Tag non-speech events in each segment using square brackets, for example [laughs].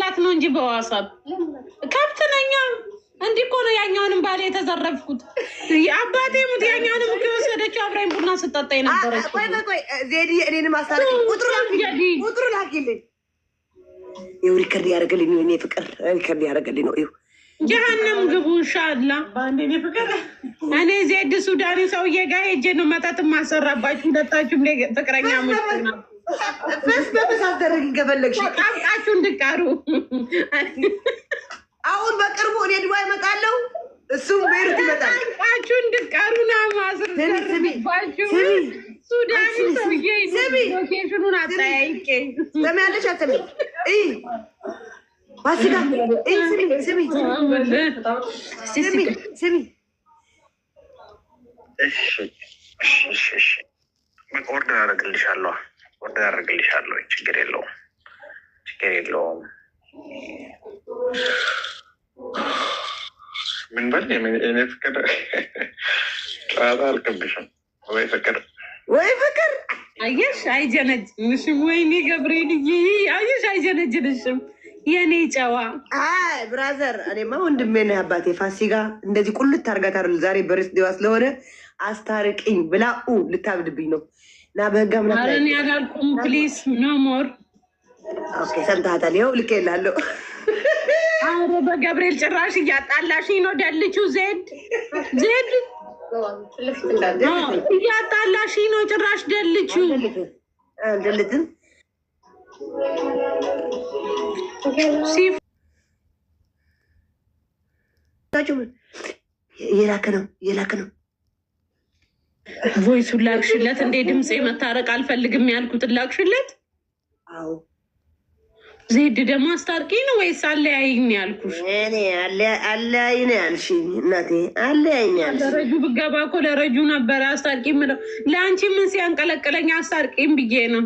ላት ነው እንጂ በዋሳብ ከብት ነኛ። እንዲህ እኮ ነው ያኛውንም ባሌ የተዘረፍኩት። አባቴ ሙት ያኛውንም ወሰደችው። አብራኝ ቡና ስጠጣ የነበረች ይኸው ሪከርድ ያደረገልኝ ነው። እኔ ፍቅር ሪከርድ ያደረገልኝ ነው። ይኸው ጀሃነም ግቡ እንሻላ። እኔ ዜድ ሱዳኒ ሰውዬ ጋር ሄጄ ነው መጠጥ ማሰራባችሁ። ሁለታችሁም ፍቅረኛ ሙች ነው ፈስ አስደረግ ገበለግሽ ቃቃችሁ እንድቃሩ አሁን በቅርቡ እኔ ድባ ይመጣለው እሱም ቤሩት ይመጣል። ቃችሁ እንድቃሩ ና ማስርባችሁ ሱዳኒ ሰውዬ ሎኬሽኑን አጠያይቄ ሰሚያለሽ አሰሚ ማስጋ ስሚ ስሚ ስሚ እሺ ኦርደር አደረግልሻለሁ ኦርደር አድርግልሻለሁ። ችግር የለውም፣ ችግር የለውም። ምን በል የኔ ፍቅር ጨዋታ አልከብሽም ወይ ፍቅር ወይ ፍቅር አየሽ፣ አይጀነጅንሽም። ወይኔ ገብርኤልዬ አየሽ፣ አይጀነጅንሽም የኔ ጨዋ አይ ብራዘር፣ እኔማ ወንድሜ ነው አባቴ። ፋሲካ እንደዚህ ቁልት አድርጋታል ዛሬ በርስ ዲዋ ስለሆነ አስታርቅኝ ብላኡ ልታብድብኝ ነው። ና በህግ እምነት ላይ ያጋልቁም ፕሊስ ኖ ሞር ሰምታታል። ይኸው ልኬላለሁ። አረ በገብርኤል ጭራሽ እያጣላሽኝ ነው። ደልቹ ዜድ ዜድ እያጣላሽኝ ነው። ጭራሽ ደልቹ ደልትን የላክ ነው የላክ ነው ቮይሱን ላክሽለት እንዴ? ድምፅ መታረቅ አልፈልግም ያልኩትን ላክሽለት? አዎ። ዜድ ደግሞ አስታርቂ ነው ወይስ አለያይኝ ያልኩሽ? አለያይ ነው ያልሽኝ እናቴ። አለያይ ለረጁ ብገባ እኮ ለረጁ ነበረ አስታርቂ ምለው። ለአንቺ ምን ሲያንቀለቅለኝ አስታርቂም ብዬ ነው።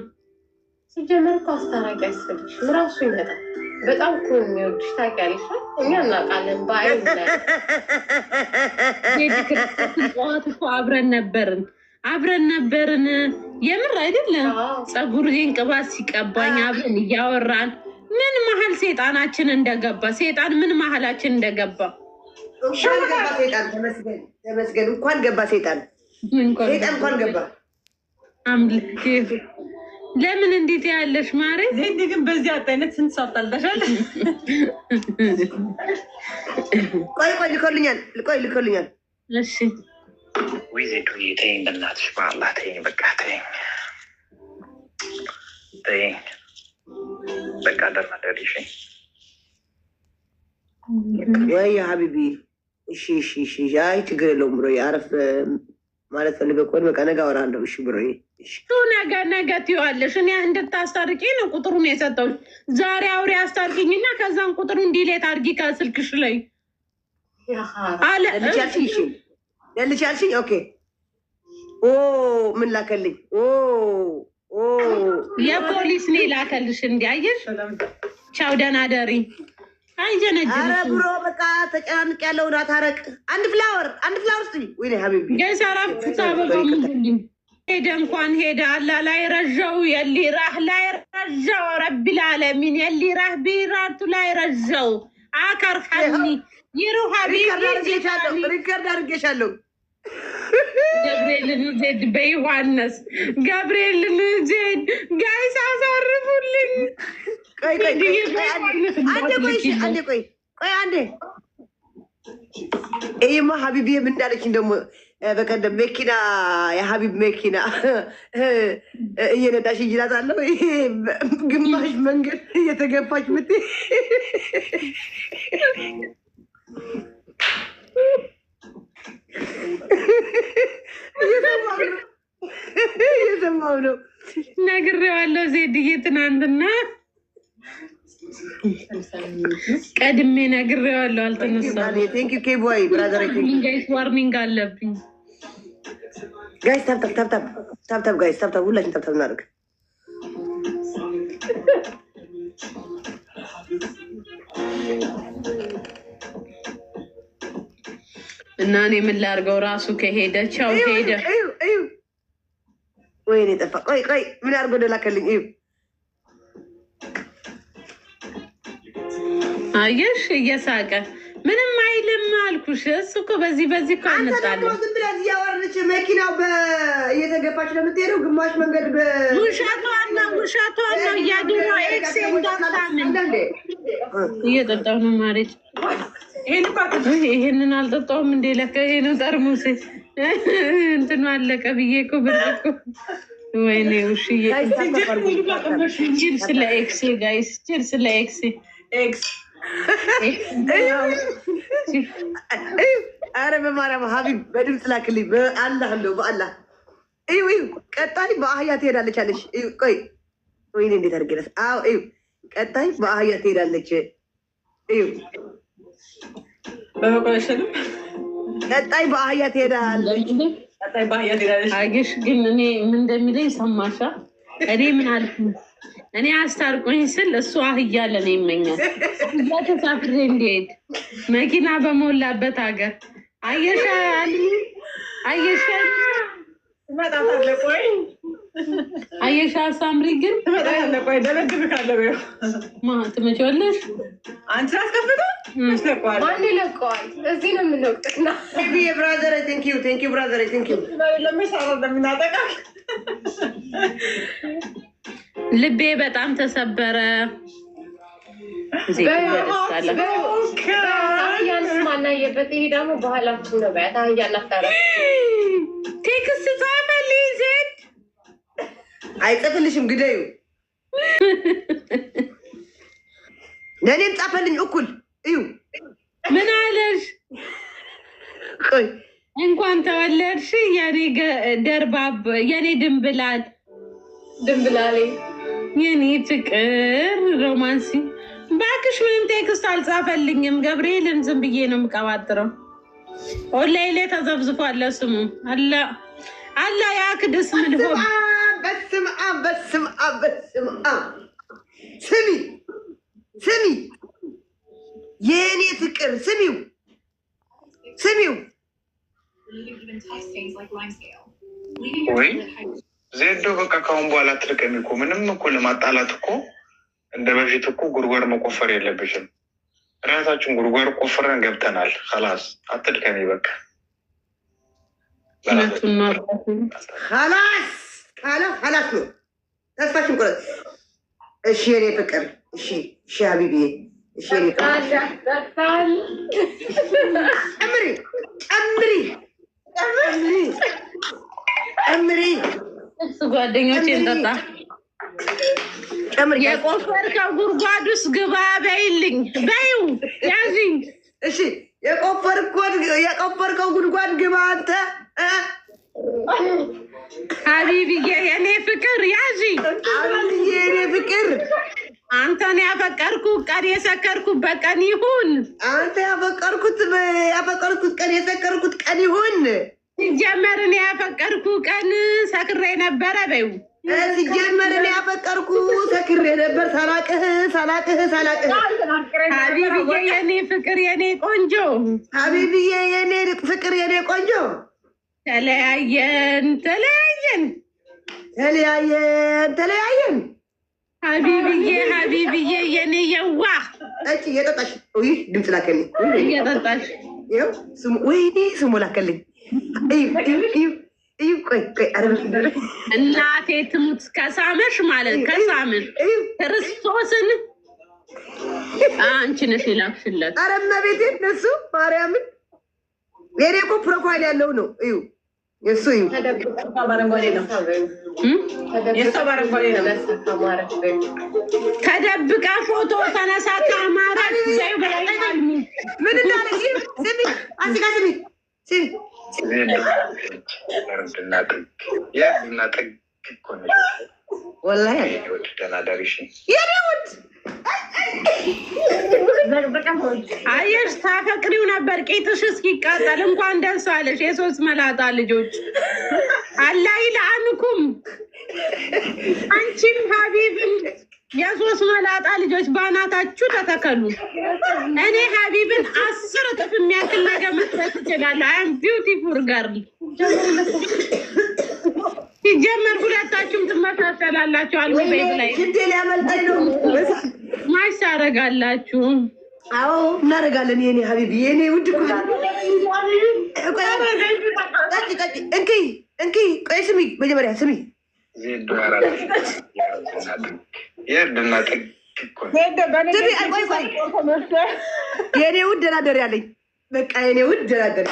ሲጀመር እኮ አስታራቂ አስፈልግሽ ራሱ ይመጣል በጣም እኮ የሚወዱሽ ታውቂያለሽ። እኛ እናውቃለን። በአይ እኮ አብረን ነበርን አብረን ነበርን። የምር አይደለም ይህን ቅባት ሲቀባኝ አብረን እያወራን ምን መሀል ሴጣናችን እንደገባ ሴጣን ምን መሀላችን እንደገባ ተመስገን። እንኳን ገባ ሴጣን እንኳን ገባ አምልክ ለምን እንዴት ያለሽ ማሬ? ዜድ ግን በዚህ አጣይነት ስንት ሰው አጣልተሻል? ቆይ ቆይ ልኮልኛል፣ ቆይ ልኮልኛል። እሺ ወይ ዜዱዬ ተይኝ፣ በእናትሽ በአላህ ተይኝ፣ በቃ ተይኝ፣ ተይኝ፣ በቃ ደርመደልሽ። ወይ ሀቢቢ እሺ፣ እሺ፣ እሺ፣ አይ ችግር የለውም ብሎ አረፍ ማለት ፈልገ ቆን በቃ ነገ አወራለሁ። እሺ ብሮ ነገ ነገ ትይዋለሽ። እኔ እንድታስታርቂ ነው ቁጥሩን የሰጠው። ዛሬ አውሪ እና ከዛን ቁጥሩ እንዲሌት አድርጊ ከስልክሽ ላይ ለልቻልሽኝ። ኦኬ ኦ ምን ላከልኝ? ኦ የፖሊስ ቻው ደህና ደሪ ኧረ ብሮ በቃ ተጨናንቅ ያለውን አታረቅ። አንድ ፍላወር አንድ ፍላወር ስጥ ወይ ሀቢቢ ሄደ እንኳን ሄደ አላ ላይ ረዣው የሊ ራህ ላይ ረዣው ረቢል ዓለሚን የሊ ራህ ቢራቱ ላይ ረዣው አከር ሐኒ ይሩ ሪከርድ አድርጌሻለሁ። ገብርኤልን ዜድ በዮሐንስ ገብርኤልን ዜድ ጋይስ አሳርፉልኝ ቆይ ቆይ አንዴ ቆይ ቆይ አንዴ ይህማ ሀቢብዬም እንዳለችኝ ደግሞ በቀደም መኪና የሀቢብ መኪና እየነዳሽ እጅላት ግማሽ መንገድ እየተገፋች ምት እየሰማው ነው ነግሬዋለሁ ዜድዬ ትናንትና ቀድሜ ነግሬዋለሁ። አልተነሳሁም። ዋርኒንግ አለብኝ። ጋይስ ታብታብ፣ ሁላችን ታብታብ እናደርግ። እና እኔ ምን ላድርገው? ራሱ ከሄደ ቻው፣ ሄደ። ወይኔ ጠፋ። ቆይ ቆይ፣ ምን አድርገው ደላከልኝ? እዩ አየሽ እየሳቀ ምንም አይልም አልኩሽ። እሱ እኮ በዚህ በዚህ እኮ አንጣለሁ። ዝም ብላ እያወራች መኪናው እየተገፋች ነው የምትሄደው። ግማሽ መንገድ ውሻቷን ነው ውሻቷን ነው እያድሮ ኤክስ እንዳታምን እየጠጣሁ ነው ማለት ይሄንን አልጠጣሁም እንዴ ለካ ይሄ ነው ጠርሙሴ። እንትኑ አለቀ ብዬ እኮ ብር ወይኔ ውሽዬ ስለ ኤክሴ ጋይስ ችል ስለ ኤክስ አረ በማርያም ሀቢብ በድምፅ ላክልኝ። በአላህ እንደው በአላህ እዩ እዩ። ቀጣይ በአህያ ትሄዳለች አለች። ቆይ ወይኔ እንዴት አድርጌለት? አዎ እዩ። ቀጣይ በአህያ ትሄዳለች። እዩ ቀጣይ በአህያ ትሄዳለች። አገሽ ግን እኔ ምን እንደሚለኝ ሰማሻ? እኔ ምን አልኩ እኔ አስታርቁኝ ስል እሱ አህያ ለን ይመኛል። እዛ ተሳፍሬ እንዲሄድ መኪና በሞላበት ሀገር አየሻል አየሻል አየሻ ሳምሪ ግን ትመጪዋለሽ። አንቺ አስከፍተው ማን ይለቀዋል? እዚህ ነው የምንወቅጥና ልቤ በጣም ተሰበረ። ቴክስት ጻፈልኝ ዜድ አይጽፍልሽም፣ ግደዩ ለእኔም ጻፈልኝ እኩል እዩ። ምን አለሽ? እንኳን ተወለድሽ የኔ ደርባብ የኔ ድንብላል ድንብላሌ የኔ ፍቅር ሮማንሲ ባክሽ ምንም ቴክስት አልጻፈልኝም። ገብርኤልን ዝም ብዬ ነው የምቀባጥረው። ኦንላይ ላይ ተዘብዝፎ አለ ስሙ አላ አላ የአክድስ ምንሆን በስም በስም በስም ስሚ ስሚ የእኔ ፍቅር ስሚው ስሚው ዜዶ በቃ ካሁን በኋላ አትርቅም እኮ ምንም እኮ ለማጣላት እኮ እንደ በፊት እኮ ጉድጓድ መቆፈር የለብሽም። ራሳችን ጉድጓድ ቆፍረን ገብተናል። ላስ አትድከሚ በቃ ላስ ካለ ላስ ነው ተስፋችን ቁረጥ። እሺ የኔ ፍቅር፣ እሺ እሺ ጨምሪ ጨምሪ ጨምሪ እሱ ጓደኞች ጠጣ የቆፈርከው ጉርጓድ ውስጥ ግባ በይልኝ በይው ያዝኝ። እሺ የቆፈር የቆፈርከው ጉድጓድ ግባ አንተ ሀቢብዬ፣ የኔ ፍቅር ያዝኝ፣ የኔ ፍቅር አንተን ያፈቀርኩ ቀን የሰከርኩበት ቀን ይሁን። አንተ ያፈቀርኩት ያፈቀርኩት ቀን የሰከርኩት ቀን ይሁን። ሲጀመርን ያፈቀርኩ ቀን ሰክሬ ነበረ በይው። ሲጀመርን ያፈቀርኩ ሰክሬ ነበር። ሳላቅህ ሳላቅህ ሳላቅህ ሀቢብዬ የኔ ፍቅር የኔ ቆንጆ ሀቢብዬ የኔ ፍቅር የኔ ቆንጆ ተለያየን ተለያየን ተለያየን ተለያየን ሀቢብዬ ሀቢብዬ የኔ የዋ ጠጪ እየጠጣሽ ድምፅ ላከልኝ እየጠጣሽ ስሙ ወይኔ ስሙ ላከልኝ እናቴ ትሙት ከሳመሽ ማለት ከሳምን ክርስቶስን አንቺ ነሽ የላክሽለት። ኧረ እመቤቴ እነሱ ማርያምን የኔ እኮ ፕሮፋይል ያለው ነው እዩ የሱ እዩ ተደብቃ ፎቶ ተነሳ ከአማራ ምን እንዳለ ስሚ፣ አስጋ ስሚ ስሚ እርድና ጥግ የእርድና ጥግ እኮ ወላሂ ወድ ደህና ደርሽ የደውድ አየሽ ታፈቅሪው ነበር ቂጥሽ እስኪቃጠል። እንኳን ደስ አለሽ የሶስት መላጣ ልጆች። አላህ ይልአንኩም አንቺም ሀቢብም የሶስት መላጣ ልጆች ባናታችሁ ተተከሉ። እኔ ሀቢብን አስር እጥፍ የሚያክል ነገር መስረት ትችላለሁ። አም ቢውቲፉል ገርል ሲጀመር ሁለታችሁም ትመሳሰላላችሁ። አልሚ ቤት ላይ ማሽ ታረጋላችሁ። አዎ እናደርጋለን። የኔ ሀቢብ የኔ ውድ እንኪ እንኪ ቆይ ስሚ መጀመሪያ ስሚ ዜዶ የእርድና ጥግ የእኔ ውድ ደራደር ያለኝ በቃ የእኔ ውድ ደራደር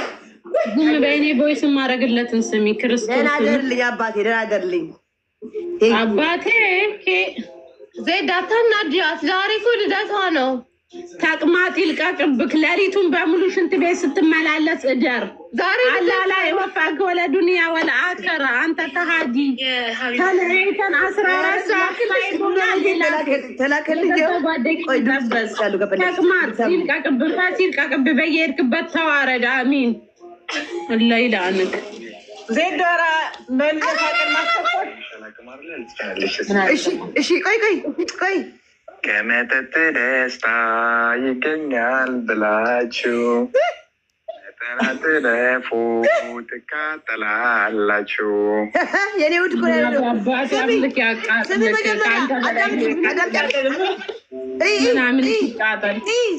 ዝም በእኔ ቦይስ ማድረግለትን ስሚ ክርስቶስ ደራደርልኝ፣ አባቴ ደራደርልኝ፣ አባቴ ዜድ አታናድያት። ዛሬ እኮ ልደቷ ነው። ተቅማጥ ይልቀቅብክ። ሌሊቱን በሙሉ ሽንት ቤት ስትመላለስ እደር። አላላ የወፋክ ወለ ዱኒያ ወለ አከራ አንተ ተሃዲ ተለያይተን አስራ አራት ሰዓት ላይ ተቅማጥ ይልቀቅብህ፣ በየሄድክበት ተዋረድ። አሚን ለይላንክ ዜድ ዶራ እሺ፣ ቆይ ቆይ ቆይ ከመጠጥ ደስታ ይገኛል ብላችሁ ተናትለፉ ትቃጠላላችሁ። [laughs] የኔ ውድ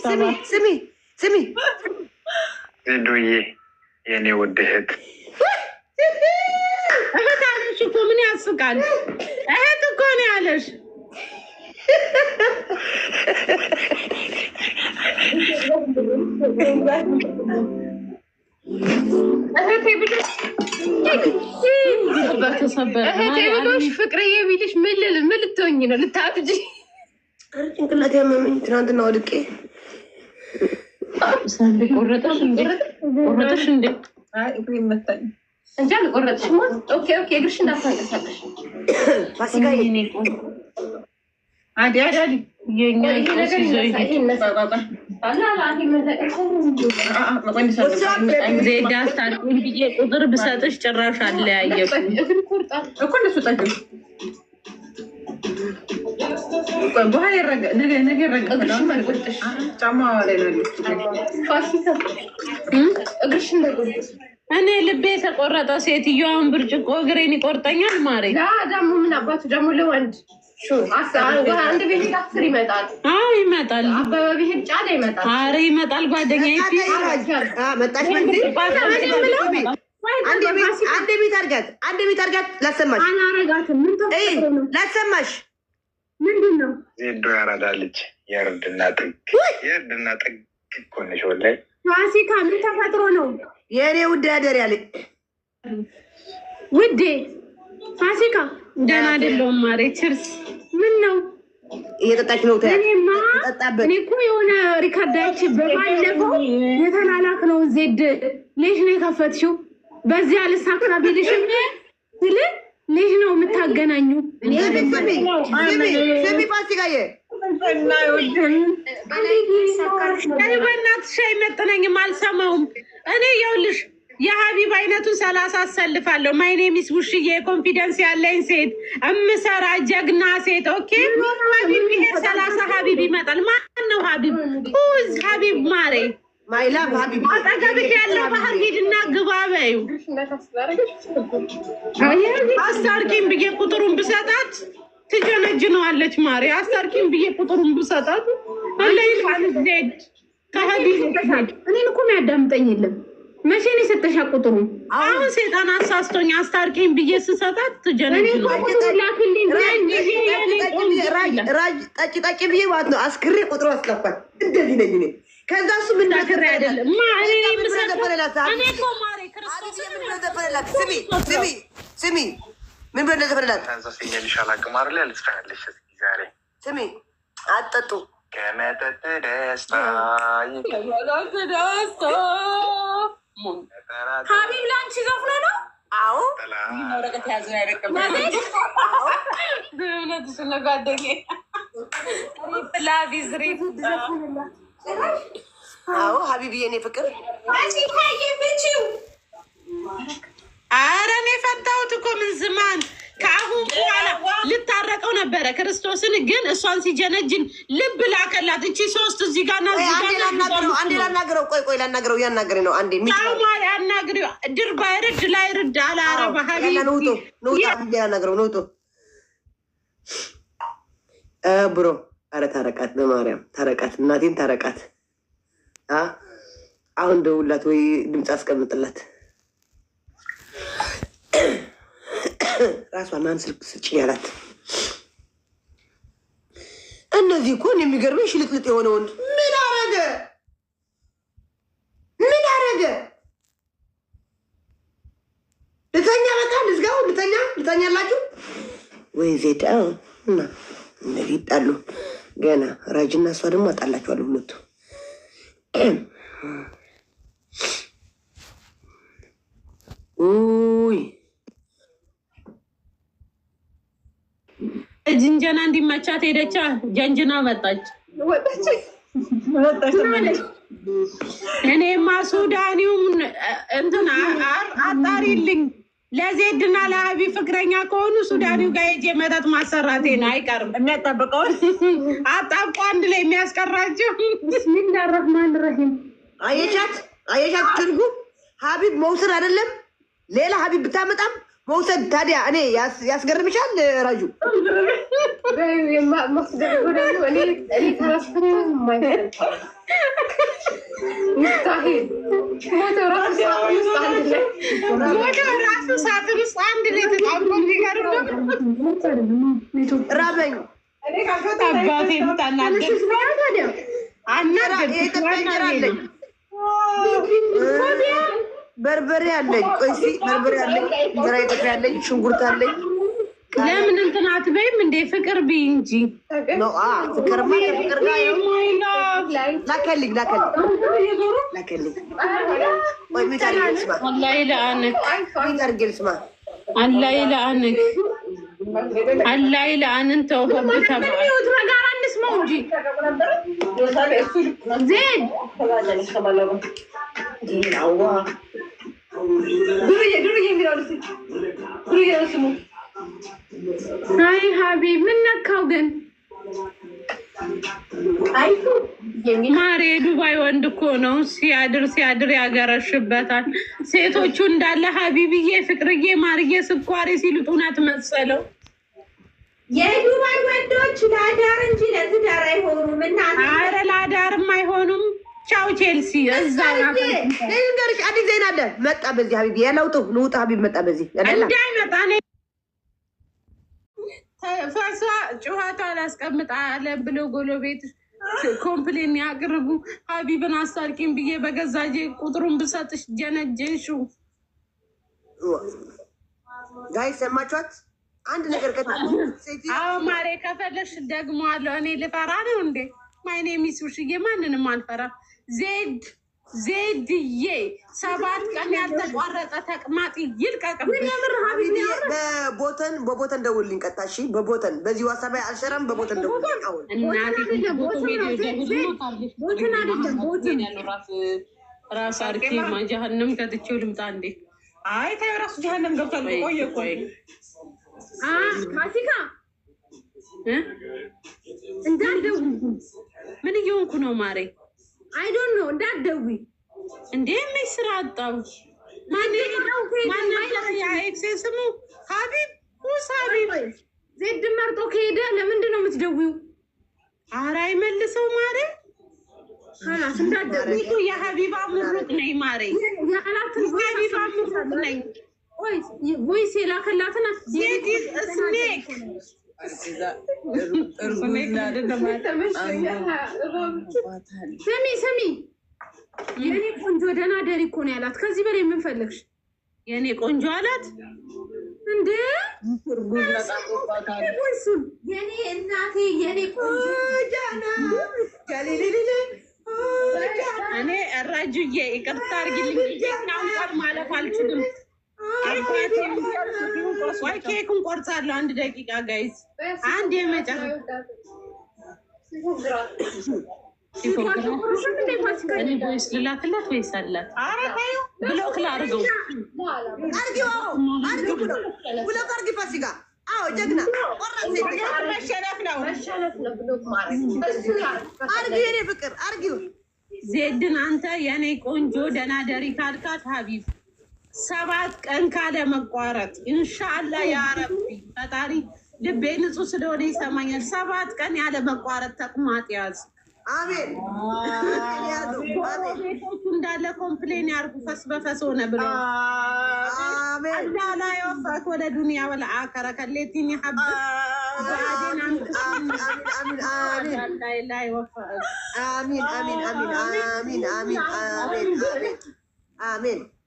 ስሚ ስሚ ዱዬ የኔ ውድ እህት እህት አለሽ እኮ ምን ያስቃል? እህት እኮ ነው ያለሽ ብሎሽ ፍቅርዬ ቢልሽ ምን ልትሆኝ ነው? ልታብጂ? ጭንቅላት ያመመኝ ትናንትና ወድቄ ቆረጠሽ እንዴ? እንጃ አልቆረጥሽም። ኦኬ ኦኬ፣ እግርሽ እንዳታንቀሳቀሽ ፋሲካ አስታርቁኝ ብዬ ቁጥር ብሰጥሽ ጭራሽ እኮ እኔ ልቤ የተቆረጠ ሴትዮዋን ብርጭቆ እግሬን ይቆርጠኛል። ማሬ ደግሞ ምን አባቱ ደግሞ ለወንድ አንድ ይመጣል። አዎ ይመጣል። አበበ ብሄድ ጫላ ይመጣል። ኧረ ይመጣል። ጓደኛዬ አንድ ቤት አድርጋት፣ አንድ ቤት አድርጋት። ላሰማሽ አላረጋትም። ላሰማሽ ምንድን ነው ዜዶ ያራዳ ልጅ የእርድና ጥግ የእርድና ጥግ እኮ ነሽ። ወላሂ ፋሲካ ምን ተፈጥሮ ነው የእኔ ውድ ያደር ያለ ውዴ ፋሲካ ደህና አይደለሁም ማሬ። ችርስ ምን ነው እየጠጣች ነው? እኔ እኮ የሆነ ሪካርዳች በባለፈው የተላላክ ነው ዜድ ሌሽ ነው የከፈትሽው በዚህ አልሳቅና ቢልሽም ስል ሌሽ ነው የምታገናኙ ሰሚ ፋሲካዬ በእናትሽ አይመጥነኝም፣ አልሰማውም እኔ ያውልሽ የሀቢብ አይነቱ ሰላሳ አሰልፋለሁ። ማይኔሚስ ውሽዬ ኮንፊደንስ ያለኝ ሴት እምሰራ ጀግና ሴት። ኦኬ ሀቢብ ይሄድ ሰላሳ ሀቢብ ይመጣል። ማን ነው ሀቢብ? ሁዝ ሀቢብ ማሬ አጠገብህ ያለው ባህር ሂድና ግባ በይው። አስታርቂም ብዬ ቁጥሩን ብሰጣት ትጀነጅነዋለች ማሬ። አስታርቂም ብዬ ቁጥሩን ብሰጣት አለይል ዜድ ከሀቢብ እኔን እኮ የሚያዳምጠኝ የለም መቼ ነው የሰጠሻ ቁጥሩ? አሁን ሴጣን አሳስቶኝ አስታርቂኝ ብዬ ስሰጣት ጠጪ ጠጪ ብዬ ማለት ነው አስክሬ ቁጥሩ አስጠፋኝ። እንደዚህ ነኝ እኔ። ከዛ እሱ ምን ስሚ ምን ብለህ ዘፈነላት? ስሚ አጠጡ ከመጠጥ ደስታ ሀቢብ ለአንቺ ዘፍኖ ነው። አዎ ወረቀት ያዘ አዎ ሀቢብ የኔ ፍቅር አረ እኔ ፈታሁት እኮ ምን ዝማን ከአሁን በኋላ ነበረ ክርስቶስን ግን እሷን ሲጀነጅን ልብ ላከላት። እቺ ሶስት እዚህ ጋር አንዴ ላናግረው፣ ቆይ ቆይ ላናግረው፣ እያናገረኝ ነው። አንዴ ታማሪ አናግሪ። ድርባ ይርድ ላይ ርድ አላረባ ሀቢውጡ ላናግረው ነውጡ ብሮ አረ ታረቃት፣ በማርያም ታረቃት፣ እናቴን ታረቃት። አሁን ደውላት ወይ ድምፅ አስቀምጥላት። ራሷ ማን ስልክ ስጭኝ አላት። እነዚህ እኮ የሚገርመኝ ሽልጥልጥ የሆነ ወንድ ምን አረገ? ምን አረገ? ልተኛ በቃ ልዝጋው። ልተኛ ልተኛላችሁ ወይ ዜጣ እና እነዚህ ይጣሉ ገና። ራጅና እሷ ደግሞ አጣላችኋለሁ ሁለቱ ኦ ጀንጀና እንዲመቻት ሄደቻ። ጀንጅና መጣች። እኔማ ሱዳኒውም እንትን አጣሪልኝ ለዜድና ለአቢ ፍቅረኛ ከሆኑ ሱዳኒው ጋር ሄጄ መጠጥ ማሰራቴ ነው አይቀርም። የሚያጠብቀውን አጣብቆ አንድ ላይ የሚያስቀራቸው ብስሚላ ረህማን ረሂም። አየሻት አየሻት፣ ትርጉም ሀቢብ መውሰድ አይደለም ሌላ ሀቢብ ብታመጣም መውሰድ ታዲያ እኔ ያስገርምሻል። ራጁ ራበኝ በርበሬ አለኝ፣ ቆይሲ በርበሬ አለኝ፣ እንጀራ ኢትዮጵያ አለኝ፣ ሽንኩርት አለኝ። ለምን እንትን አትበይም እንዴ? ፍቅር ብይ እንጂ oh አላይ አንስማው እንጂ ዜድ ዱርዬ ዱርዬ የሚለው ልስ ዱርዬ ነው ስሙ። አይ ሀቢብ ምን ነካው ግን? ማሬ ዱባይ ወንድ እኮ ነው። ሲያድር ሲያድር ያገረሽበታል። ሴቶቹ እንዳለ ሀቢብዬ፣ ፍቅርዬ፣ ማርዬ፣ ስኳሬ ሲሉ እውነት መሰለው። የዱባይ ወንዶች ለአዳር እንጂ ለትዳር አይሆኑም። እና አረ ለአዳርም አይሆኑም። ቻው ቼልሲ። እዛ ልንገርሽ አዲስ ዜና አለ። መጣ በዚህ ሀቢብ የለውጡ ልውጥ ሀቢብ መጣ በዚህ እንዳይመጣ ፈሷ ጩኸቷ አላስቀምጥ አለ ብሎ ጎሎ ቤት ኮምፕሌን ያቅርቡ። ሀቢብን አስታርቂም ብዬ በገዛጄ ቁጥሩን ብሰጥሽ ጀነጀንሹ። ጋይ ሰማችኋት። አንድ ነገር ከታ ማሬ ከፈለሽ ደግሞ አለው እኔ ልፈራ ነው እንዴ? ማይኔ ሚስ ውሽዬ ማንንም አልፈራ ዜድ ዜድዬ ሰባት ቀን ያልተቋረጠ ተቅማጥ ይልቀቅብኝ። በቦተን በቦተን ደውልኝ፣ ቀጥታ እሺ። በቦተን በዚህ ዋሳቢ አልሸራም። በቦተን ደውልኝ። ከትቼው ልምጣ እንዴ? አይ ተይው፣ ራሱ ጀሃንም ገብቷል። ቆየ ቆይ ማሲካ እንዳልደው ምን እየሆንኩ ነው ማሬ? አይ አይዶን ነው እንዳትደውይ እንዴ ምን ስራ አጣው ማን ማን ስሙ ሀቢብ ውስ ሀቢብ ዜድ መርጦ ከሄደ ለምንድን ነው የምትደውይው? ኧረ አይመልሰው ማሬ የሀቢባ ምሩቅ ነኝ ማሬ የሀቢባ ምሩቅ ነኝ ወይስ የላከላትን ስሚ ስሚ፣ የኔ ቆንጆ ደህና ደሪ እኮ ነው ያላት። ከዚህ በላይ ምን ፈለግሽ? የእኔ ቆንጆ አላት እንዴ! እሱን የእኔ እናቴ የእኔ ቆንጆ እኔ እራጁዬ ይቅርታ አድርጊልኝ፣ ማለፍ አልችልም ኬክ እንቆርሳለሁ። አንድ ደቂቃ ጋይዝ፣ አንድ የመጨረሻ ወይስ አላት? ብሎክ ላድርገው። ብሎክ አድርጊ ፋሲካ። አዎ ጀግና መሸነፍ ነው። አድርጊ የኔ ፍቅር አድርጊው። ዜድን አንተ የኔ ቆንጆ ደናደሪ ካልካት ሀቢብ ሰባት ቀን ካለ መቋረጥ ኢንሻአላ ያረቢ ፈጣሪ ልቤ ንጹህ ስለሆነ ይሰማኛል። ሰባት ቀን ያለ መቋረጥ ተቅማጥ ያዝ። አሜን። እንዳለ ኮምፕሌን ያርጉ። ፈስ በፈስ ሆነ ብለ አላ ላይ ወፋት ወደ ዱንያ ወለአከረ ከሌቲን ሀብ ላይ ወፋት አሚን አሚን አሚን አሚን አሚን አሚን አሚን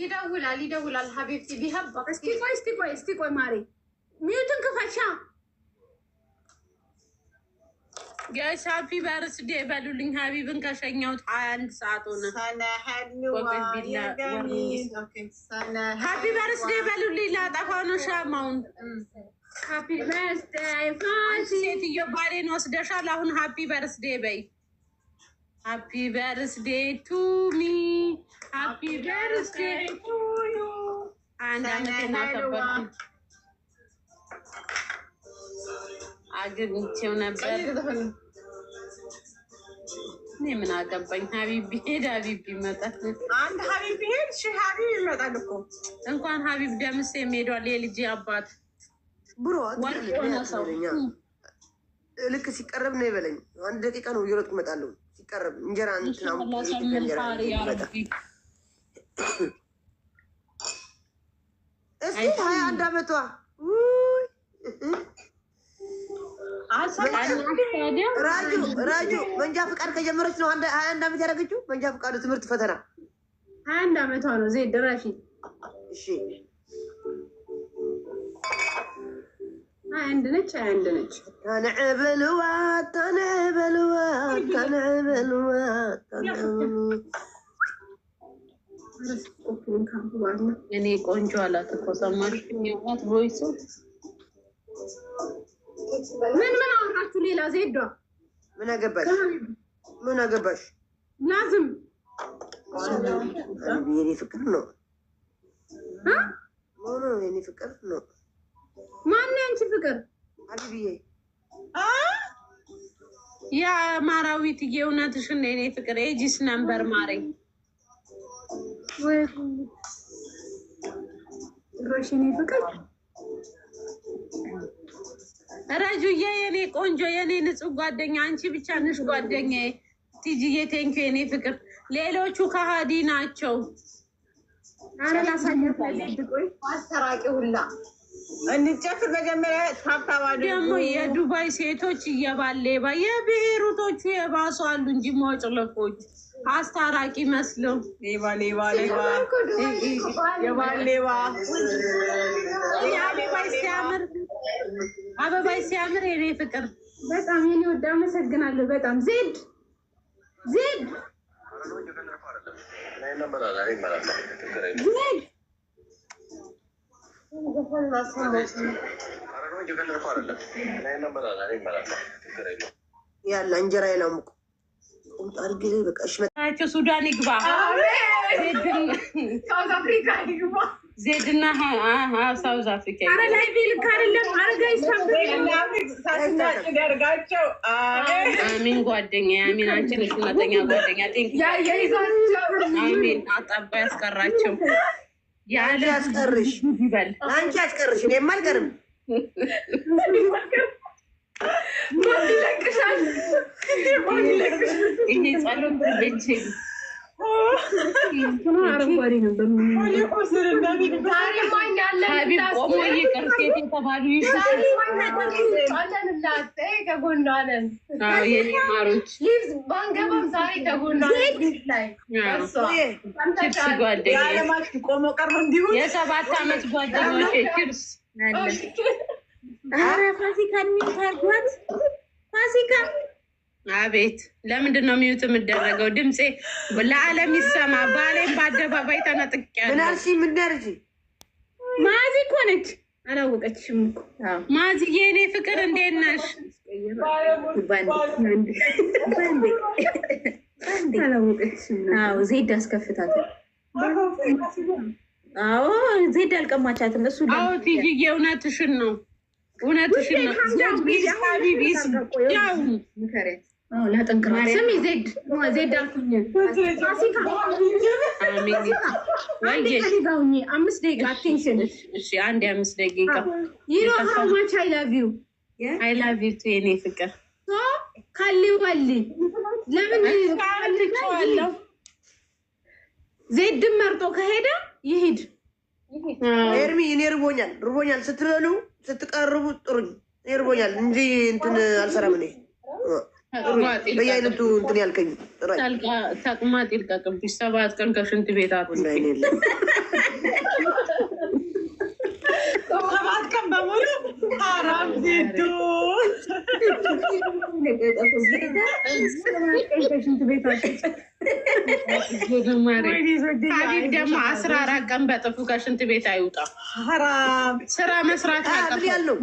ይደውላል ይደውላል። ሀቢብቲ ቢሀባ እስቲ ቆይ እስቲ ቆይ እስቲ ቆይ ማሪ ሚዩትን ክፈቻ። ጋይስ ሀፒ በርስ ዴ በሉልኝ። ሀቢብን ከሸኘሁት ሀያ አንድ ሰዓት ሆነ። ሀፒ በርስ ዴ በሉልኝ። ላጠፋው ነው ሻማውን። ሀፒ በርስ ዴ ፋንስ ሴትዮ ባሌን ወስደሻል። አሁን ሀፒ በርስ ዴ በይ። ሀፒ በርስ ዴ ቱ ሚ ሀፒ በርዝዴይ ቱ ዩ አንድ አመት እናከበርኩኝ። አግኝቼው ነበር። እኔ ምን አገባኝ? ሀቢብ ሄድ ሀቢብ ይመጣል። አንድ ሀቢብ ሄድ ሺ ሀቢብ ይመጣል እኮ እንኳን ሀቢብ ደምስ የሚሄዷል የልጅ አባት ብሮ ልክ ሲቀረብ ነው ይበለኝ። አንድ ደቂቃ ነው እየሮጥኩ እመጣለሁ። ሲቀረብ እንጀራ እንትና እስቲ ሀያ አንድ አመቷ ራጁ ራጁ መንጃ ፍቃድ ከጀመረች ነው ሀያ አንድ አመት ያደረገችው። መንጃ ፍቃዱ ትምህርት ፈተና ሀያ አንድ አመቷ ነው። ዜድ ራሺ ሀያ አንድ ነች። አንድ ነች። ተንዕበልዋ ተንዕበልዋ ተንዕበልዋ እኔ ቆንጆ አላት እኮ ሰማሽ? ት ቮይሱ ምን ምን አወራችሁ? ሌላ ዜዷ ምን አገባሽ? ምን አገባሽ? ናዝም የኔ ፍቅር ነው። ሆኖ የኔ ፍቅር ነው። ማነው ያንቺ ፍቅር? አቢብዬ የማራዊት እውነትሽን የኔ ፍቅር ኤጂስ ነንበር ማሬ ሮሽኔ ፍቅር ረጁዬ የኔ ቆንጆ የኔ ንጹህ ጓደኛ አንቺ ብቻ ንሽ ጓደኛ። ቲጂዬ ቴንኪ የኔ ፍቅር። ሌሎቹ ከሀዲ ናቸው። አረ ላሳየት አሰራቂ ሁላ እንድጨፍር መጀመሪያ ታብታባል። ደግሞ የዱባይ ሴቶች እየባል የብሄሩቶቹ የባሱ አሉ እንጂ ሞጭልፎች አስታራቂ መስለው ሌባ ሌባ ሌባ የባል ሌባ አበባይ ሲያምር አበባይ ሲያምር የኔ ፍቅር በጣም የኔ ወደ አመሰግናለሁ። በጣም ዜድ ዜድ ዜድ ያለ እንጀራ የለውም እኮ ናቸው። ሱዳን ይግባ፣ ዜድና ሳውዝ አፍሪካ አሚን። ጓደኛ አሚን፣ አንቺ ነሽ እውነተኛ ጓደኛ። አሜን። አጣባ ያስቀራቸው አንቺ አስቀርሽ አንቺ አስቀርሽ፣ እኔማ አልቀርም። ይለቅሻል ይሄ ጸሎት የሰባት ዓመት ጓደኞቼ ችርስ ፋሲካ ፋሲካ አቤት ለምንድን ነው ሚዩት የምደረገው? ድምፄ ለዓለም ይሰማ። ባሌ በአደባባይ ተነጥቄያለሁ። ምናልሽ ምንደርዚ ማዚ እኮ ነች፣ አላወቀችም እኮ ማዚ። የእኔ ፍቅር እንዴት ነሽ? ዜድ አስከፍታት። አዎ ዜድ አልቀማቻትም። እሱ ቲጂዬ እውነትሽን ነው፣ እውነትሽን ነው። ቢቢስ ላጠንክራስም ዜድ ዜድ አምስት ደቂቃ አቴንሽን። እሺ አንድ ፍቅር ካልወል ለምን ዜድን መርጦ ከሄደ ይሂድ። ኤርሚ እኔ ርቦኛል፣ ርቦኛል ስትበሉ ስትቀርቡ ጥሩኝ። እኔ ርቦኛል እንጂ እንትን አልሰራም እኔ በየአይነቱ እንትን ያልከኝ ተቅማጥ ይልቀቅብሽ። ሰባት ቀን ከሽንት ቤት ሰባት ቀን በሙሉ አራም ዜዶ ደግሞ አስራ አራት ቀን በጥፉ ከሽንት ቤት አይውጣ። ስራ መስራት ያለው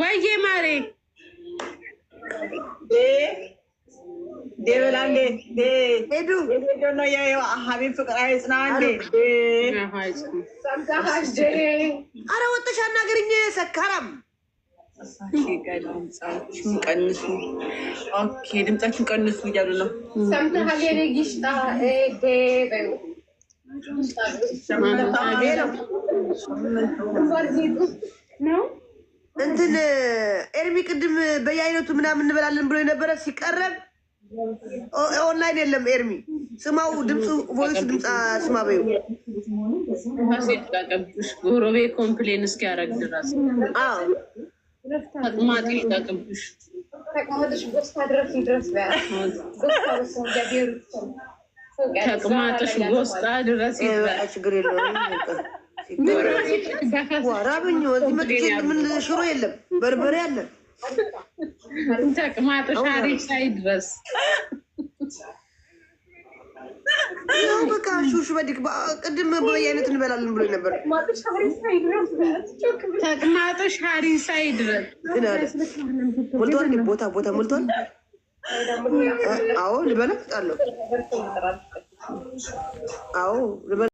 ወይዬ ማሬ ደበላ ሄዱ ነው ሀቢብ አረ ወጥተሽ አናገርኝ ሰካራም ድምጻችሁን ቀንሱ፣ ድምጻችሁን ቀንሱ እያሉ ነው። እንትን ኤርሚ ቅድም በየአይነቱ ምናምን እንበላለን ብሎ የነበረ ሲቀረብ ኦንላይን የለም። ኤርሚ ስማው፣ ድምፁ ቮይሱ ድምፅ ስማ በዩ ጉሮቤ ኮምፕሌን እስኪያደርግ ድረስ ተቅማጤ ይጠቅብሽ ተቅማጥሽ ጎስጣ ድረስ ችግር የለውም። ምን ሽሮ የለም በርበሬ አለ። ተቅማጥሽ አሪፍ በቃ ቅድም በየአይነት እንበላለን ብሎ ነበር። ሞልቷል። ቦታ ቦታ ሞልቷል። አዎ ልበላ አዎ አዎ